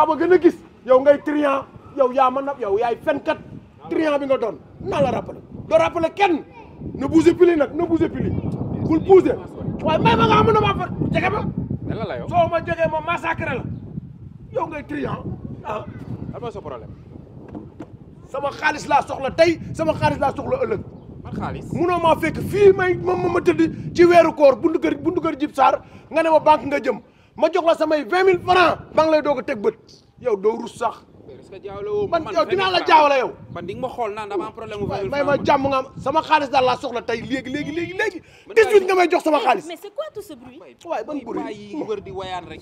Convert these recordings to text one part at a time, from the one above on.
yaa gëna gis yow ngay triant yow yaa ma nab yow yaay fenkat triant bi nga don na la rappelé do rappelé kenn ne bougez plus nak ne bougez plus bul bougez way may ma nga am na ma fa jégué ba lan la yow so ma jégué ma massacre la yow ngay triant ah. lan mooy problème. sama khalis la soxla tay sama khalis la soxla euleuk man khalis munoo ma fekk fi may ma ma tëdd ci wéru koor buntu kër buntu kër jipsar nga ne ma bank nga jëm. ma jox la samay vingt mille francs ba nga lay doog a teg bët yow doo sax. est-ce que jaawale woo man dinaa la jaawale yow. man di ma xool naan dama am problème may ma jàmm nga sama xaalis daal la soxla tey léegi léegi léegi léegi. dix-huit nga may jox sama eh, xaalis. mais c'est quoi tout ce bruit. waaye ban bruit wër di wayaan rek.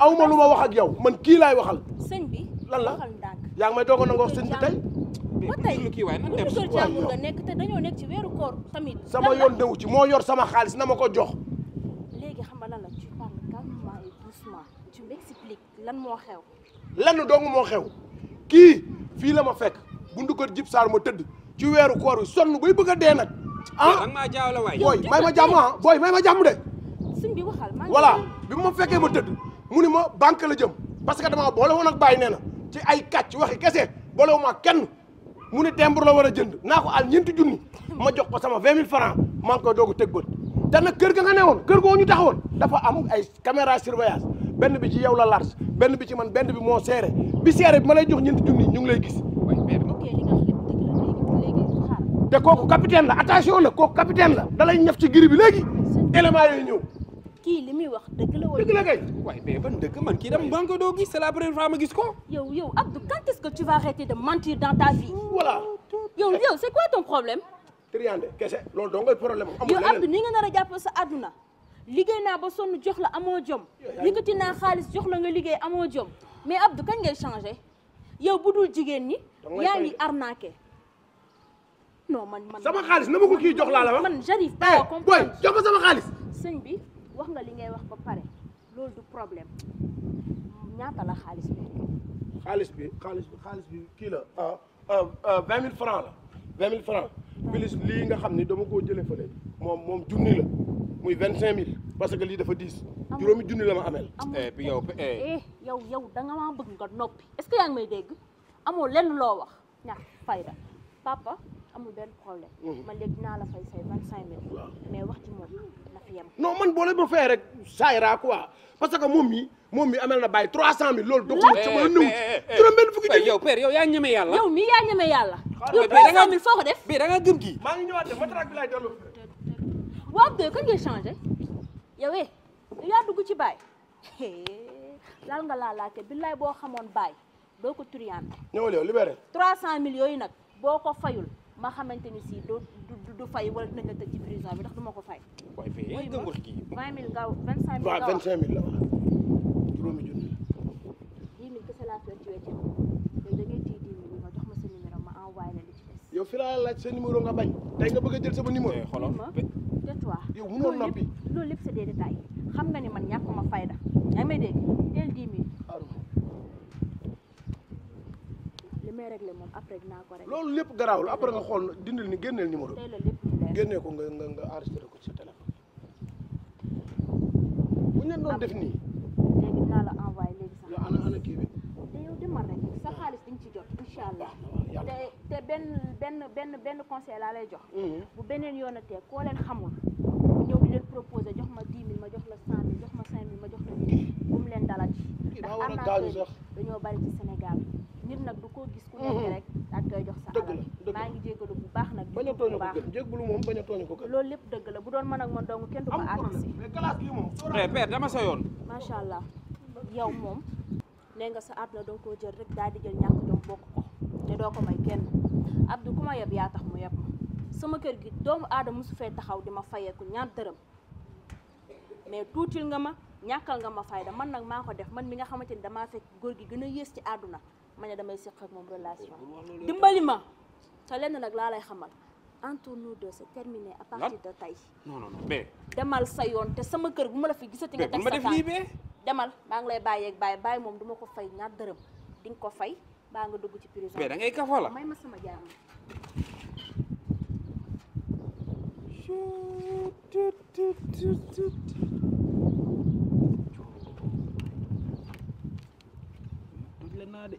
aw ma lu ma wax ak yow man kii laay waxal. sëñ lan la yaa ngi may doog a nangoo sëñ bi tey. ba nekk te dañoo sama yoon dewu ci moo yor sama xaalis na ma ko jox lan moo xew. lenn dong moo xew kii fii la ma fekk buntu kër Jib Sarr ma tëdd ci weeru koor wi sonn bay bëgg a dee nag. ah maa jaawale waay. booy may ma jàmm ah. booy may ma jàmm de. suñ bi waxal bi ma fekkee ma tëdd mu ni ma banque la jëm parce que damaa boole woon ak bàyyi nee na ci ay kàcc waxi kese boole wu ma kenn mu ne timbre la war a jënd naa ko àll ñeenti junni ma jox ko sama vingt mille francs maa ngi koy doog bët te nag kër ga nga ne woon kër goo ñu taxawoon dafa am ay caméra surveillance benn bi ci yow la lars benn bi ci man benn bi mo séré bi séré bi malay jox ñent junni ñu ngi lay gis. te kooku capitaine la attention la koku capitaine la dalay ñëf ci giri bi légui élément yooyu ñëw. ki limi wax deug la wala dëgg la kay. way mais ban deug man ki dama banque do gis c'est la première fois ma gis ko. yow yow Abdou quand est-ce que tu vas arrêter de mentir dans ta vie. voilà. yow yow c'est quoi ton problème. triandé kese loolu dong nga problème amul leneen yow Abdou ni nga nar a sa Aduna. liggéey naa ba sonn jox la amoo jom yëkkati naa xaalis jox la nga liggéey amoo jom mais Abdou kañ ngay changé yow bu dul jigéen ñi yaa ngi arnaqué non man man sama xaalis na ma ko kii jox laa la wax man j'arrive pas eh, à comprendre boy bi wax nga li ngay wax ba pare loolu du problème ñaata la xaalis bi xaalis bi xaalis bi xaalis bi kii la ah, ah, ah, vingt mille francs la vingt mille francs plus lii nga xam ni dama koo jëlee fële moom moom junni la muy vingt cinq mille parce que lii dafa diis juróomi junni la ma amel bi eh, yow eh. Eh, yow yow da nga maa bëgg nga noppi est-ce que yaa ngi may dégg amoo lenn loo wax ñax fayda papa amul benn problème mhm. man léegi naa la fay say vingt cinq mille mais wax ci moom na ma yem non man boo leen ma fayee rek saayra quoi que moom mi moom mi amel na bàyyi trois cent mille loolu dox sama nëw juróom benn fukki junni yow père yow def bii da nga gëm kii maa de mataraak bi laay waaw doy kan ngay changé eh, yow yaa dugg ci baay laal nga laalaate billaay boo xamoon baay doo ko turiyaan ñëwal yow libéré trois cent mille yooyu nag boo ko fayul ma xamante ni si doo du fay wala dinañ la tëj ci prison bi ndax du ma ko fay waay fii dëngal kii vingt mille nga vingt cinq mille waaw vingt cinq mille la wax nga jox ma sa numéro ma envoyé la nga bañ tey nga bëgg a jël sama numéro xoolal mënoo loolu lépp c'est des détails xam nga ni man ñàkkuma fayda yaa may dégg li may réglé moom après dinaa ko réglé loolu lépp garaawul après nga xool dindil ni génneel numéro génnee ko nga nga nga ko ci sa téléphone bu ñu doon def nii léegi dinaa la envoyé léegi sax sa xaalis di nga ci jot incha allah te benn benn benn benn conseil laa lay jox mhm. bu beneen yoonatee koo leen xamul leen proposé jox ma dix mille ma jox la cent mille jox ma cinq mille ma jox la mille bu mu leen dalal ndax arnaqueurs yi dañoo bari ci Sénégal nit nag du ko gis ku nekk mhm. rek daal koy jox sa alal maa ngi jégalu bu baax nag bañ a tooñ ko gën jégalu moom bañ a tooñ ko gën loolu lépp dëgg la bu doon mën ak man dong kenn du ko arrêté mais classe bi moom eh, père dama sa yoon macha allah yow moom nee nga sa àdduna danga koo jël rek daal di jël ñàkk jom bokk ko te doo ko may kenn Abdou ku ma yeb yaa tax mu yeb ma sama kër gi doomu aadama musu fee taxaw di ma fayeeku ñaar dërëm mais tuutil nga ma ñàkkal nga ma fay fayda man nag maa ko def man mi nga xamante ni damaa fekk góor gi gën a yées ci àdduna ma ne damay séq ak moom relation dimbali ma te lenn nag laa lay xamal entre nous deux c'est terminé à partir de tey non non non mais demal sa yoon te sama kër bu ma la fi gisati nga teg sa tànk demal maa ngi lay bàyyeeg bàyyi bàyyi moom duma ko fay ñaar dërëm di ko fay baa nga dugg ci prison mais da ngay kafa la may ma sama jaam leen naa de